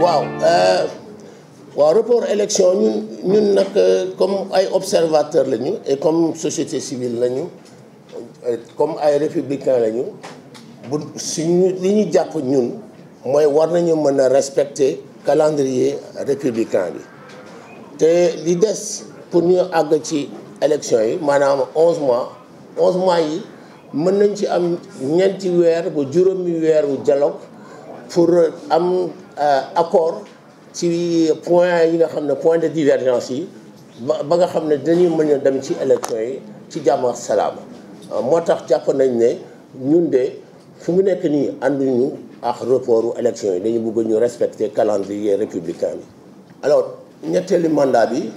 waaw euh, waaw report élection ñun ñun nag euh, comme ay observateur lañu et comme société civile lañu euh, comme ay républicain lañu bu suñu li ñu jàpp ñun mooy war nañu mën a respecter calendrier républicain bi te li des pour ñu àgg ci élection yi maanaam onze mois onze mois yi mën nañ ci am ñeenti weer bu juróomi weer wu dialogue pour am Euh, accord ci point yi nga xam ne point de divergence yi ba nga xam ne dañuy mën dem ci élection yi ci jàmm ak salaam euh, moo tax jàpp nañ ne ñun de fu mu nekk nii ànduñu ak reportu élection yi dañu bëgg ñu respecter calendrier républicain bi. alors ñetteelu mandat bi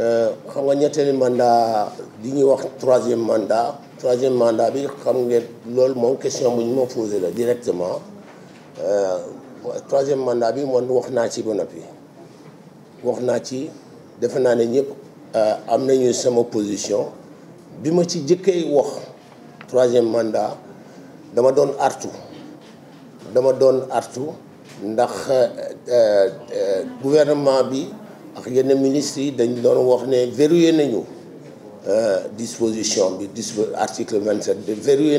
euh, xam nga ñetteelu mandat di ñuy wax troisième mandat troisième mandat bi xam ngeen loolu moom question bu ñu ma posé la directement. troisième mandat bi man wax naa ci ba noppi wax naa ci defe naa ne ñëpp euh, am nañu sama position bi ma ci jëkkee wax troisième mandat dama doon artu dama doon artu ndax euh, euh, gouvernement bi ak yenn ministres yi dañ doon wax ne verrouillé nañu disposition bi dis article vingt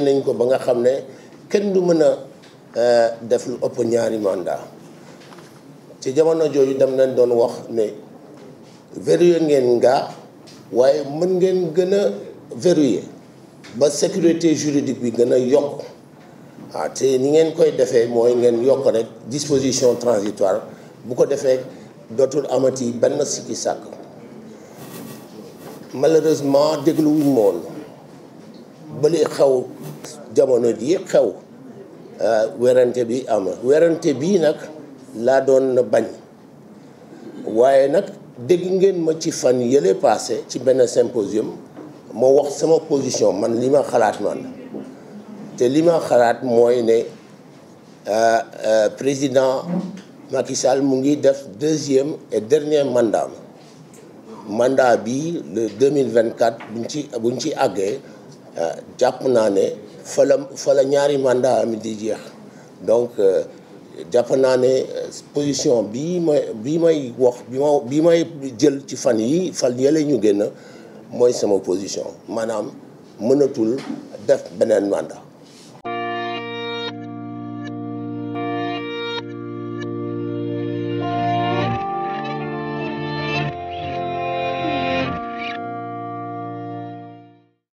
nañ ko ba nga xam ne kenn du mën a Euh, def lu ëpp ñaari mandat ci jamono jooju dem nañ doon wax ne verrouillé ngeen ngaa waaye mën ngeen gën a verrouillé ba sécurité juridique bi gën a yokk ah te ni ngeen koy defee mooy ngeen yokk rek disposition transitoire bu ko defee dootul amati benn sikki sàkk malheureusement dégluwuñ moon bali xew jamono ji xew Euh, werante bi am werante bii nag laa doon bañ waaye nag dégg ngeen ma ci fan yële passé ci benn symposium moo wax sama position man li ma xalaat man te li ma xalaat mooy ne euh, euh, président Macky Sall mu ngi def deuxième et dernier mandat mandat bi le 2024 buñ ci buñ ci àggee jàpp naa ne fa la fa la ñaari mandat am di jeex donc euh, jàpp naa ne euh, position bi may bii may wax bi ma bii may jël ci fan yi fan yële ñu génn mooy sama position maanaam mënatul def beneen mandat